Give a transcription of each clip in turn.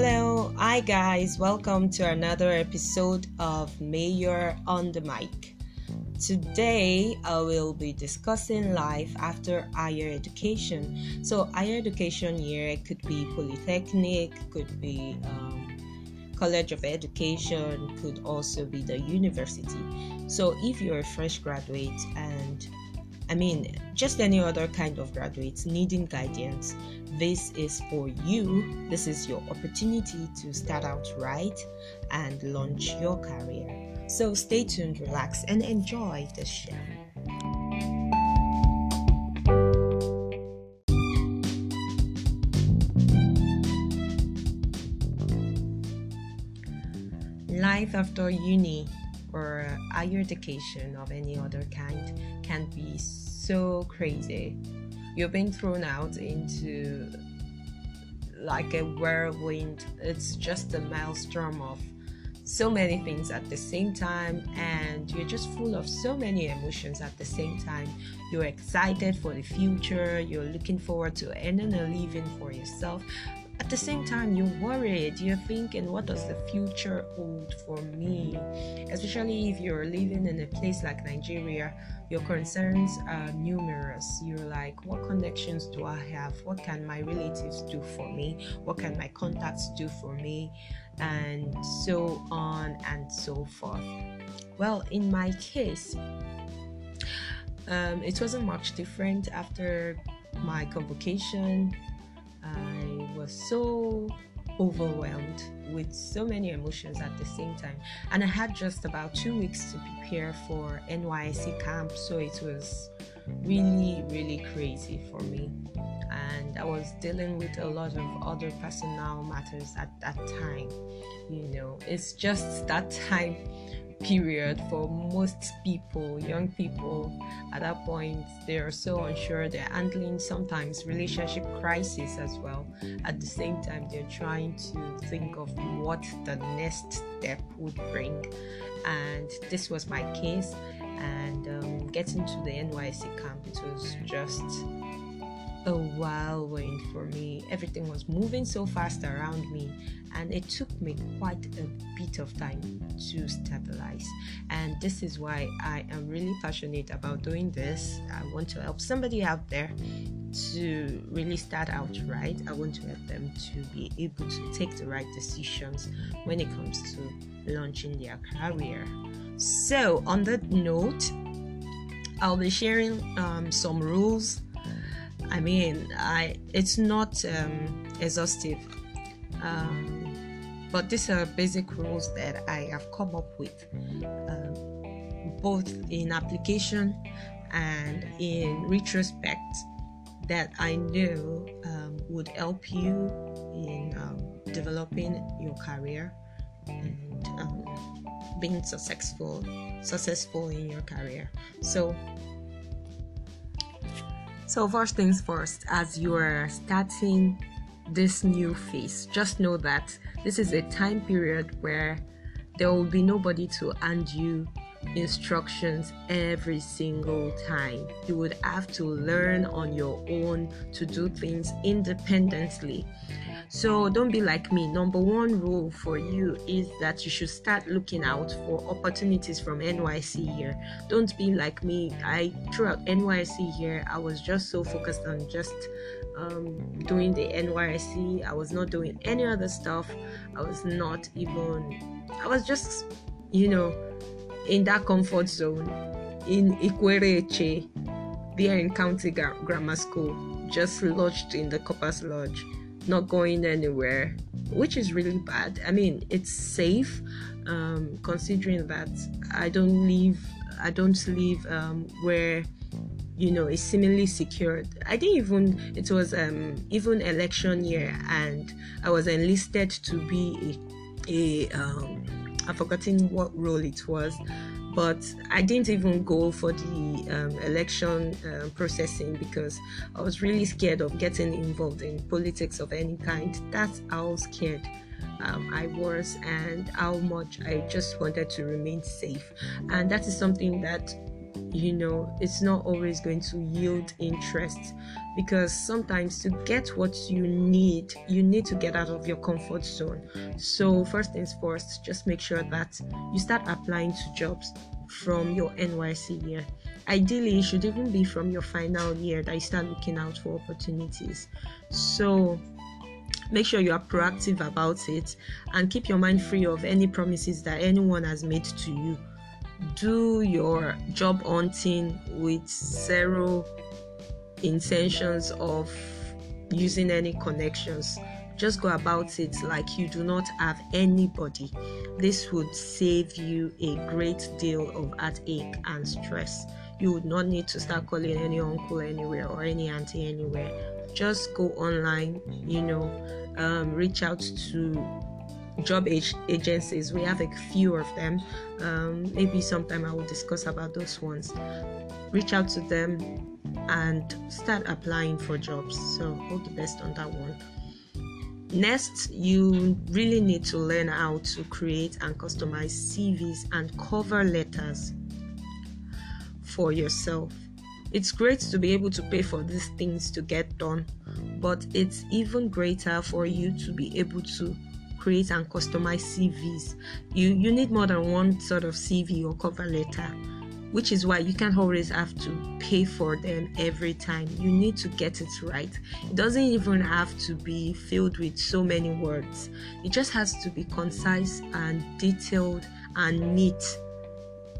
Hello, hi guys, welcome to another episode of Mayor on the Mic. Today, I will be discussing life after higher education. So, higher education year could be polytechnic, could be um, college of education, could also be the university. So, if you're a fresh graduate and I mean, just any other kind of graduates needing guidance, this is for you. This is your opportunity to start out right and launch your career. So stay tuned, relax, and enjoy the show. Life after uni or higher education of any other kind can be so crazy. you are being thrown out into like a whirlwind. It's just a maelstrom of so many things at the same time, and you're just full of so many emotions at the same time. You're excited for the future, you're looking forward to earning a living for yourself, at the same time, you're worried. You're thinking, what does the future hold for me? Especially if you're living in a place like Nigeria, your concerns are numerous. You're like, what connections do I have? What can my relatives do for me? What can my contacts do for me? And so on and so forth. Well, in my case, um, it wasn't much different after my convocation. I uh, was so overwhelmed with so many emotions at the same time. And I had just about two weeks to prepare for NYC camp, so it was really, really crazy for me. And I was dealing with a lot of other personal matters at that time. You know, it's just that time period for most people, young people at that point, they are so unsure. They're handling sometimes relationship crisis as well. At the same time, they're trying to think of what the next step would bring. And this was my case. And um, getting to the NYC camp, it was just a whirlwind for me. Everything was moving so fast around me, and it took me quite a bit of time to stabilize. And this is why I am really passionate about doing this. I want to help somebody out there to really start out right. I want to help them to be able to take the right decisions when it comes to launching their career. So, on that note, I'll be sharing um, some rules I mean, I it's not um, exhaustive, um, but these are basic rules that I have come up with, um, both in application and in retrospect, that I know um, would help you in um, developing your career and um, being successful successful in your career. So so, first things first, as you're starting this new phase, just know that this is a time period where there will be nobody to hand you instructions every single time. You would have to learn on your own to do things independently. So don't be like me. Number one rule for you is that you should start looking out for opportunities from NYC here. Don't be like me. I throughout NYC here, I was just so focused on just um, doing the NYC. I was not doing any other stuff. I was not even. I was just, you know, in that comfort zone in Ikwereche, there in County Grammar School, just lodged in the Coppers Lodge not going anywhere, which is really bad. I mean, it's safe um, considering that I don't live, I don't live um, where you know it's seemingly secured i think even it was um even election year and i was enlisted to be a, a um i've forgotten what role it was but I didn't even go for the um, election uh, processing because I was really scared of getting involved in politics of any kind. That's how scared um, I was and how much I just wanted to remain safe. And that is something that you know it's not always going to yield interest because sometimes to get what you need you need to get out of your comfort zone so first things first just make sure that you start applying to jobs from your NYC year ideally it should even be from your final year that you start looking out for opportunities so make sure you are proactive about it and keep your mind free of any promises that anyone has made to you do your job hunting with zero intentions of using any connections. Just go about it like you do not have anybody. This would save you a great deal of heartache and stress. You would not need to start calling any uncle anywhere or any auntie anywhere. Just go online, you know, um, reach out to job age agencies we have a few of them um, maybe sometime i will discuss about those ones reach out to them and start applying for jobs so all the best on that one next you really need to learn how to create and customize cvs and cover letters for yourself it's great to be able to pay for these things to get done but it's even greater for you to be able to create and customize CVs. You you need more than one sort of CV or cover letter, which is why you can't always have to pay for them every time. You need to get it right. It doesn't even have to be filled with so many words. It just has to be concise and detailed and neat.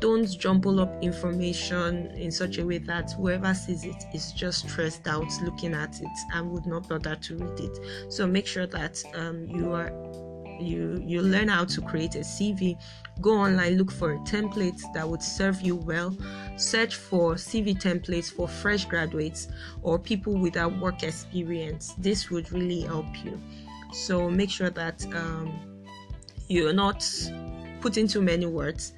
Don't jumble up information in such a way that whoever sees it is just stressed out looking at it and would not bother to read it. So make sure that um, you are you you mm. learn how to create a cv go online look for templates that would serve you well search for cv templates for fresh graduates or people without work experience this would really help you so make sure that um, you're not putting too many words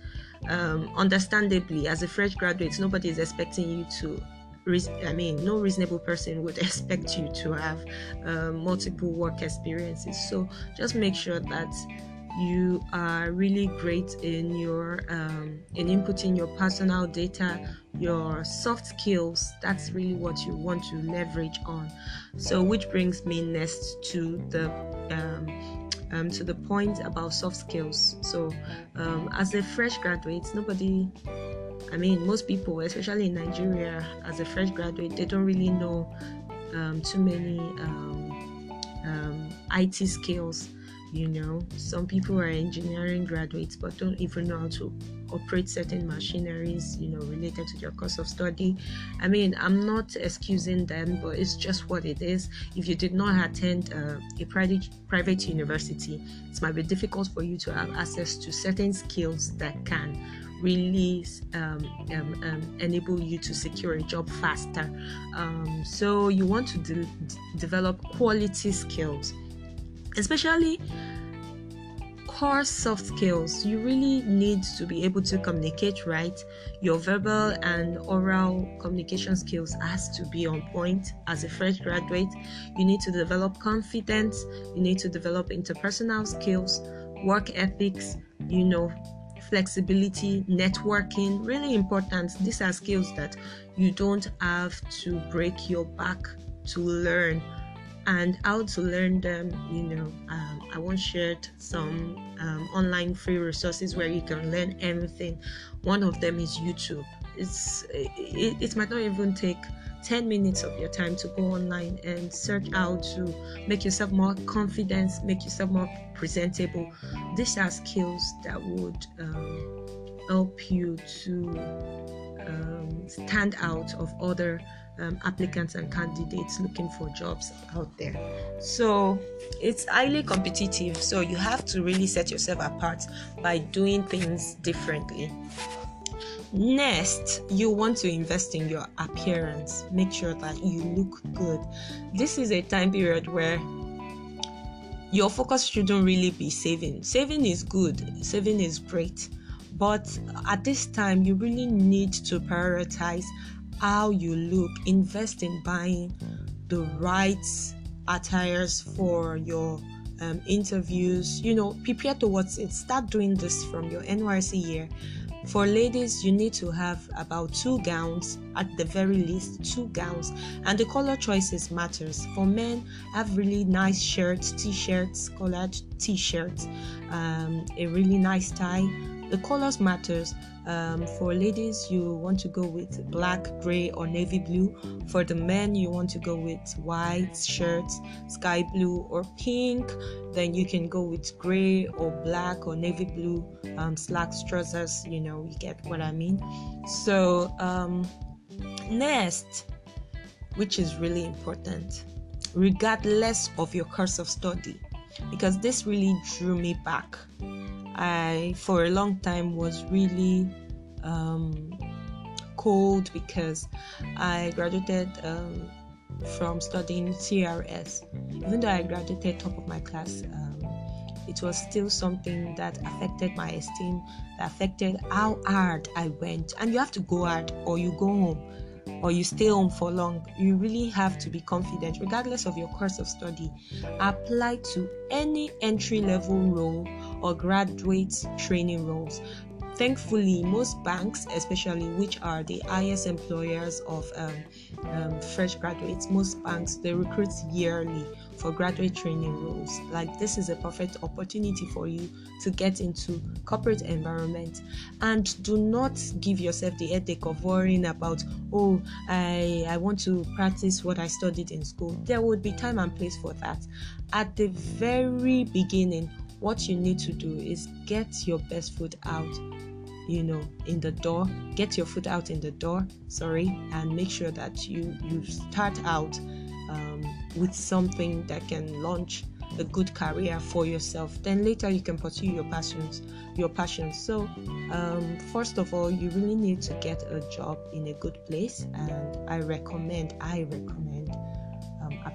um, understandably as a fresh graduate nobody is expecting you to I mean, no reasonable person would expect you to have uh, multiple work experiences. So just make sure that you are really great in your um, in inputting your personal data your soft skills that's really what you want to leverage on so which brings me next to the um, um, to the point about soft skills so um, as a fresh graduate nobody I mean, most people, especially in Nigeria, as a fresh graduate, they don't really know um, too many um, um IT skills. You know, some people are engineering graduates but don't even know how to operate certain machineries, you know, related to their course of study. I mean, I'm not excusing them, but it's just what it is. If you did not attend uh, a private, private university, it might be difficult for you to have access to certain skills that can really um, um, um, enable you to secure a job faster. Um, so you want to de- develop quality skills, especially core soft skills, you really need to be able to communicate right. Your verbal and oral communication skills has to be on point. As a fresh graduate, you need to develop confidence, you need to develop interpersonal skills, work ethics, you know, flexibility, networking, really important. These are skills that you don't have to break your back to learn. And how to learn them, you know, um, I once shared some um, online free resources where you can learn everything. One of them is YouTube. It's it, it might not even take 10 minutes of your time to go online and search how to make yourself more confident, make yourself more presentable. These are skills that would um, help you to um, stand out of other um, applicants and candidates looking for jobs out there. So it's highly competitive, so you have to really set yourself apart by doing things differently. Next, you want to invest in your appearance. Make sure that you look good. This is a time period where your focus shouldn't really be saving. Saving is good, saving is great. But at this time, you really need to prioritize how you look. Invest in buying the right attires for your um, interviews. You know, prepare towards it. Start doing this from your NYC year for ladies, you need to have about two gowns, at the very least, two gowns, and the color choices matters. For men, have really nice shirts, t-shirts, collared t-shirts, um, a really nice tie the colors matters. Um, for ladies, you want to go with black, gray, or navy blue. For the men, you want to go with white shirts, sky blue, or pink. Then you can go with gray or black or navy blue um, slacks trousers. You know, you get what I mean. So um, next, which is really important, regardless of your course of study, because this really drew me back I, for a long time, was really um, cold because I graduated um, from studying CRS. Even though I graduated top of my class, um, it was still something that affected my esteem, that affected how hard I went. And you have to go hard, or you go home, or you stay home for long. You really have to be confident, regardless of your course of study. Apply to any entry level role or graduate training roles. Thankfully, most banks, especially which are the highest employers of um, um, fresh graduates, most banks they recruit yearly for graduate training roles. Like this is a perfect opportunity for you to get into corporate environment, and do not give yourself the headache of worrying about oh I I want to practice what I studied in school. There would be time and place for that. At the very beginning, what you need to do is get your best foot out you know in the door get your foot out in the door sorry and make sure that you you start out um, with something that can launch a good career for yourself then later you can pursue your passions your passions so um, first of all you really need to get a job in a good place and i recommend i recommend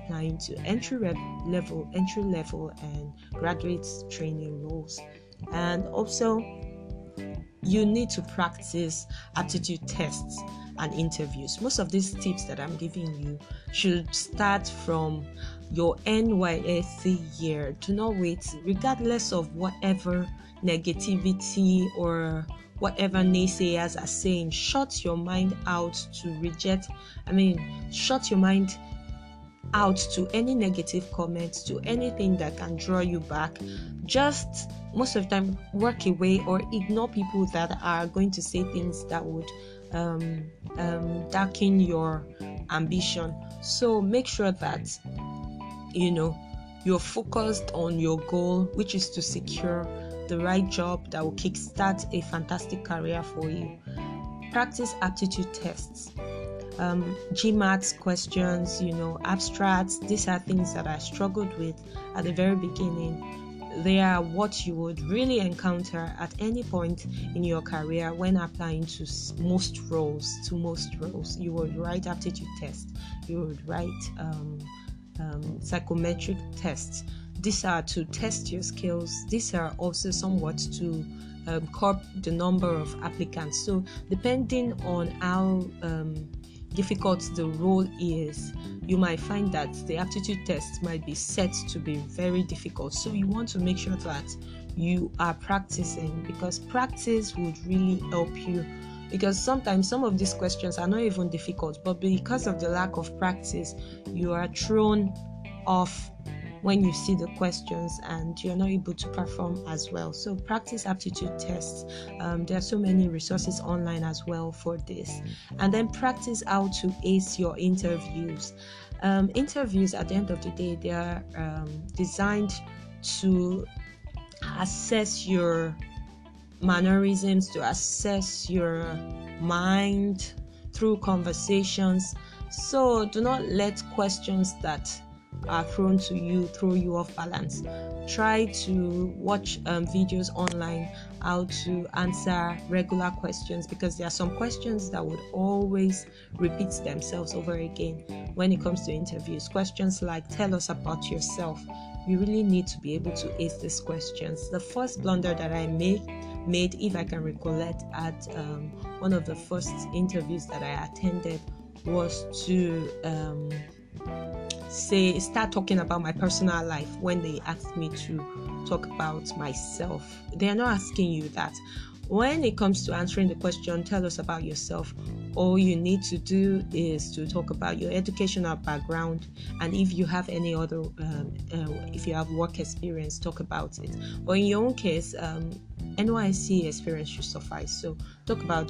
applying to entry level, entry level, and graduate training roles. And also, you need to practice aptitude tests and interviews. Most of these tips that I'm giving you should start from your NYSC year. Do not wait, regardless of whatever negativity or whatever naysayers are saying. Shut your mind out to reject, I mean, shut your mind out to any negative comments, to anything that can draw you back. Just most of the time, work away or ignore people that are going to say things that would um, um, darken your ambition. So make sure that you know you're focused on your goal, which is to secure the right job that will kickstart a fantastic career for you. Practice aptitude tests um, GMAT questions, you know, abstracts. These are things that I struggled with at the very beginning. They are what you would really encounter at any point in your career when applying to most roles. To most roles, you would write aptitude tests, you would write um, um, psychometric tests. These are to test your skills. These are also somewhat to um, curb the number of applicants. So, depending on how um, difficult the role is, you might find that the aptitude test might be set to be very difficult. So you want to make sure that you are practicing because practice would really help you. Because sometimes some of these questions are not even difficult, but because of the lack of practice, you are thrown off when you see the questions and you're not able to perform as well. So practice aptitude tests. Um, there are so many resources online as well for this. And then practice how to ace your interviews. Um, interviews at the end of the day, they are um, designed to assess your mannerisms, to assess your mind through conversations. So do not let questions that are thrown to you throw you off balance try to watch um, videos online how to answer regular questions because there are some questions that would always repeat themselves over again when it comes to interviews questions like tell us about yourself you really need to be able to ace these questions the first blunder that i made made if i can recollect at um, one of the first interviews that i attended was to um, say start talking about my personal life when they ask me to talk about myself they're not asking you that when it comes to answering the question tell us about yourself all you need to do is to talk about your educational background and if you have any other um, uh, if you have work experience talk about it but in your own case um, NYC experience should suffice so talk about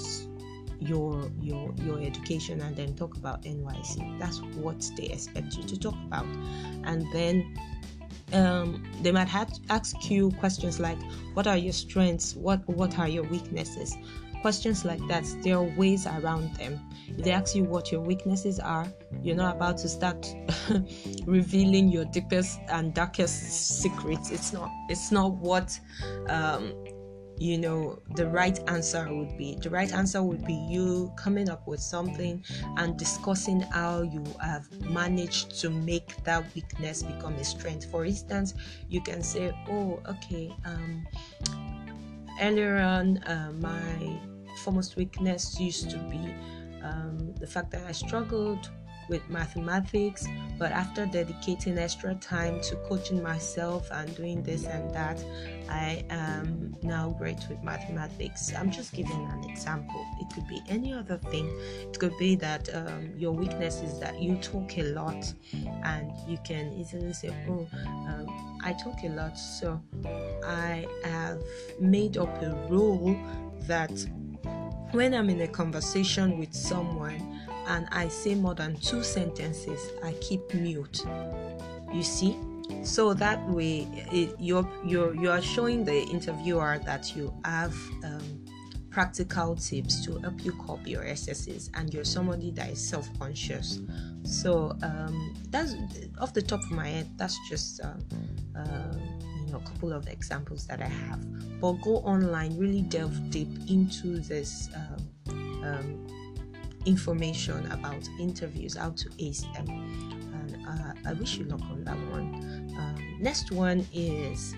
your your your education and then talk about NYC. That's what they expect you to talk about, and then um, they might have to ask you questions like, "What are your strengths? What what are your weaknesses?" Questions like that. There are ways around them. If they ask you what your weaknesses are, you're not about to start revealing your deepest and darkest secrets. It's not. It's not what um, you know the right answer would be the right answer would be you coming up with something and discussing how you have managed to make that weakness become a strength for instance you can say oh okay um, earlier on uh, my foremost weakness used to be um, the fact that i struggled with mathematics, but after dedicating extra time to coaching myself and doing this and that, I am now great with mathematics. I'm just giving an example. It could be any other thing. It could be that um, your weakness is that you talk a lot, and you can easily say, "Oh, um, I talk a lot, so I have made up a rule that when I'm in a conversation with someone and I say more than two sentences, I keep mute." You see so that way it, you're you're you are showing the interviewer that you have um, practical tips to help you copy your excesses and you're somebody that is self-conscious so um, that's off the top of my head that's just uh, uh you know a couple of examples that i have but go online really delve deep into this um, um information about interviews how to ace them uh, I wish you luck on that one. Um, next one is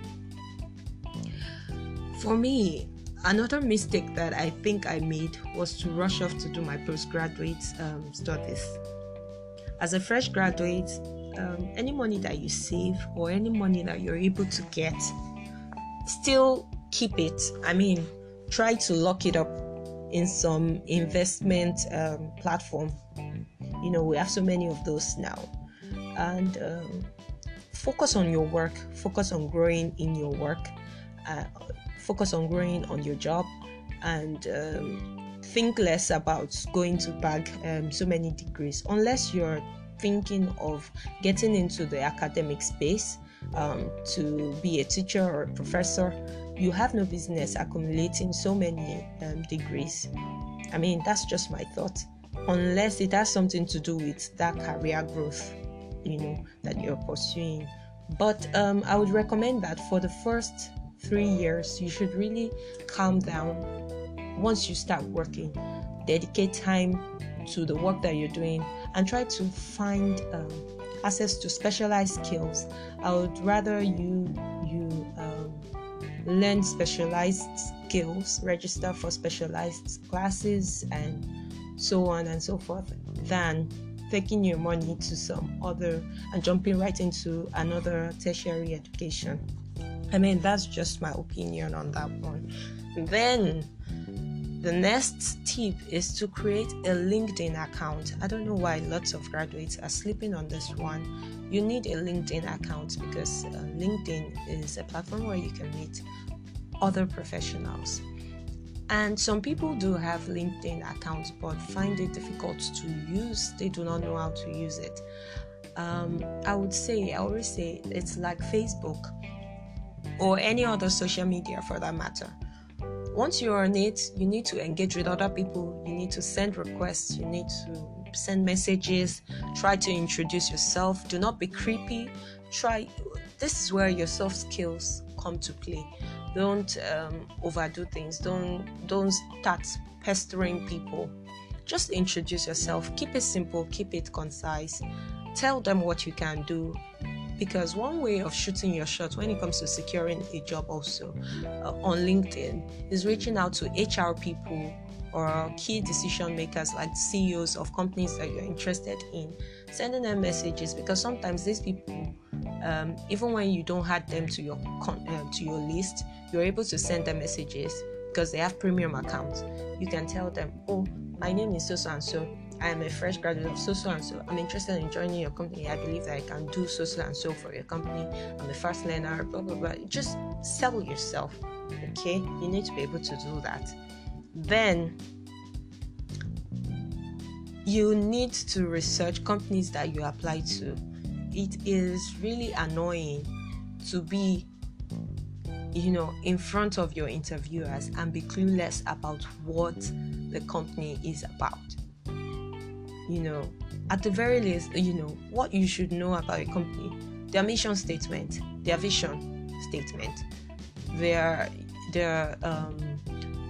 for me. Another mistake that I think I made was to rush off to do my postgraduate um, studies. As a fresh graduate, um, any money that you save or any money that you're able to get, still keep it. I mean, try to lock it up in some investment um, platform. You know, we have so many of those now and um, focus on your work, focus on growing in your work, uh, focus on growing on your job, and um, think less about going to bag um, so many degrees unless you're thinking of getting into the academic space um, to be a teacher or a professor, you have no business accumulating so many um, degrees. I mean, that's just my thought, unless it has something to do with that career growth you know that you're pursuing but um, i would recommend that for the first three years you should really calm down once you start working dedicate time to the work that you're doing and try to find um, access to specialized skills i would rather you you um, learn specialized skills register for specialized classes and so on and so forth than taking your money to some other and jumping right into another tertiary education. I mean, that's just my opinion on that one. Then the next tip is to create a LinkedIn account. I don't know why lots of graduates are sleeping on this one. You need a LinkedIn account because uh, LinkedIn is a platform where you can meet other professionals. And some people do have LinkedIn accounts but find it difficult to use, they do not know how to use it. Um, I would say, I always say, it's like Facebook or any other social media for that matter. Once you're on it, you need to engage with other people, you need to send requests, you need to send messages, try to introduce yourself. Do not be creepy. Try this is where your soft skills come to play. Don't um, overdo things. Don't don't start pestering people. Just introduce yourself. Keep it simple. Keep it concise. Tell them what you can do. Because one way of shooting your shot when it comes to securing a job also uh, on LinkedIn is reaching out to HR people or key decision makers like CEOs of companies that you're interested in, sending them messages because sometimes these people um, even when you don't add them to your con- uh, to your list, you're able to send them messages because they have premium accounts. You can tell them, oh, my name is so so and so. I am a fresh graduate of so so and so. I'm interested in joining your company. I believe that I can do so so and so for your company. I'm a fast learner. Blah blah blah. Just sell yourself. Okay, you need to be able to do that. Then you need to research companies that you apply to it is really annoying to be you know in front of your interviewers and be clueless about what the company is about you know at the very least you know what you should know about a company their mission statement their vision statement their their um,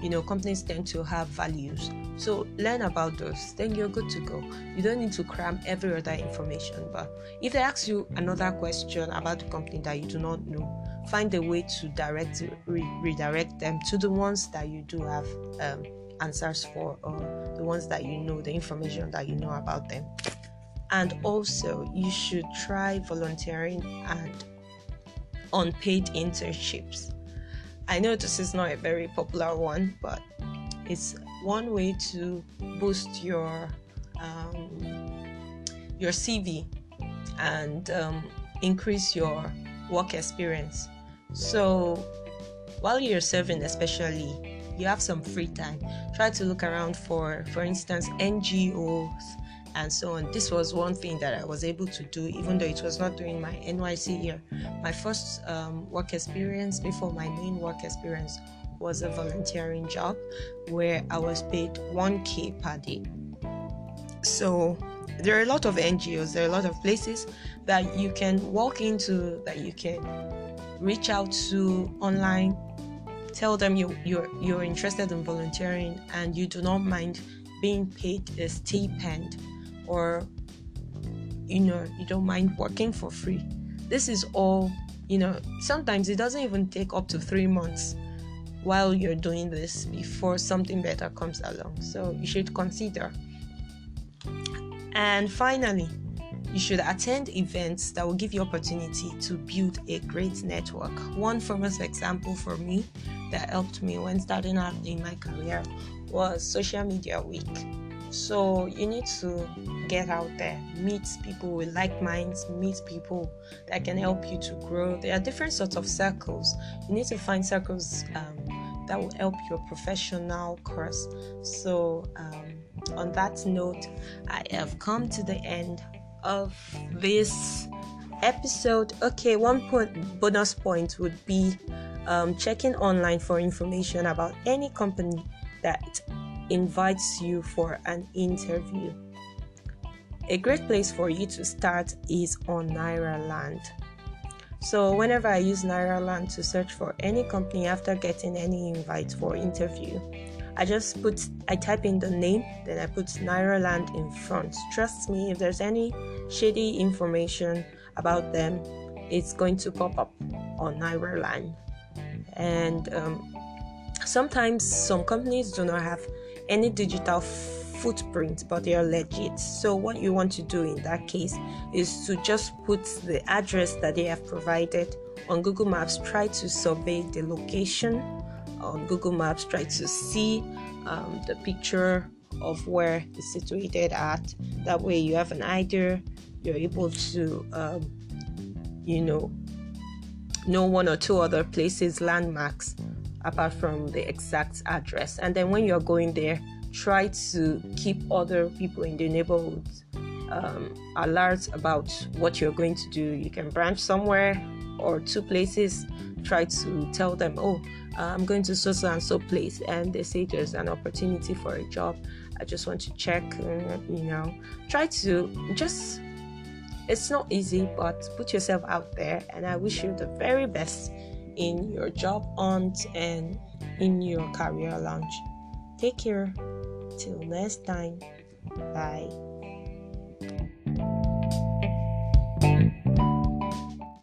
you know companies tend to have values so learn about those, then you're good to go. You don't need to cram every other information. But if they ask you another question about the company that you do not know, find a way to direct re- redirect them to the ones that you do have um, answers for, or the ones that you know, the information that you know about them. And also, you should try volunteering and unpaid internships. I know this is not a very popular one, but it's one way to boost your um, your CV and um, increase your work experience. So while you're serving, especially, you have some free time. Try to look around for, for instance, NGOs and so on. This was one thing that I was able to do, even though it was not during my NYC year. My first um, work experience before my main work experience was a volunteering job where I was paid 1k per day. So there are a lot of NGOs, there are a lot of places that you can walk into, that you can reach out to online, tell them you, you're you're interested in volunteering and you do not mind being paid a stipend or you know you don't mind working for free. This is all you know, sometimes it doesn't even take up to three months while you're doing this before something better comes along. So you should consider. And finally, you should attend events that will give you opportunity to build a great network. One famous example for me that helped me when starting out in my career was Social Media Week. So you need to get out there, meet people with like minds, meet people that can help you to grow. There are different sorts of circles. You need to find circles um, that will help your professional course. So, um, on that note, I have come to the end of this episode. Okay, one point, bonus point would be um, checking online for information about any company that invites you for an interview. A great place for you to start is on Naira Land. So whenever I use NairaLand to search for any company after getting any invite for interview, I just put I type in the name, then I put NairaLand in front. Trust me, if there's any shady information about them, it's going to pop up on NairaLand. And um, sometimes some companies do not have any digital footprint but they're legit so what you want to do in that case is to just put the address that they have provided on google maps try to survey the location on google maps try to see um, the picture of where it's situated at that way you have an idea you're able to um, you know know one or two other places landmarks apart from the exact address and then when you're going there try to keep other people in the neighborhood um, alert about what you're going to do. You can branch somewhere or two places, try to tell them, oh, I'm going to so and so place, and they say there's an opportunity for a job. I just want to check, uh, you know. Try to just, it's not easy, but put yourself out there, and I wish you the very best in your job hunt and in your career launch. Take care. Till next time, bye.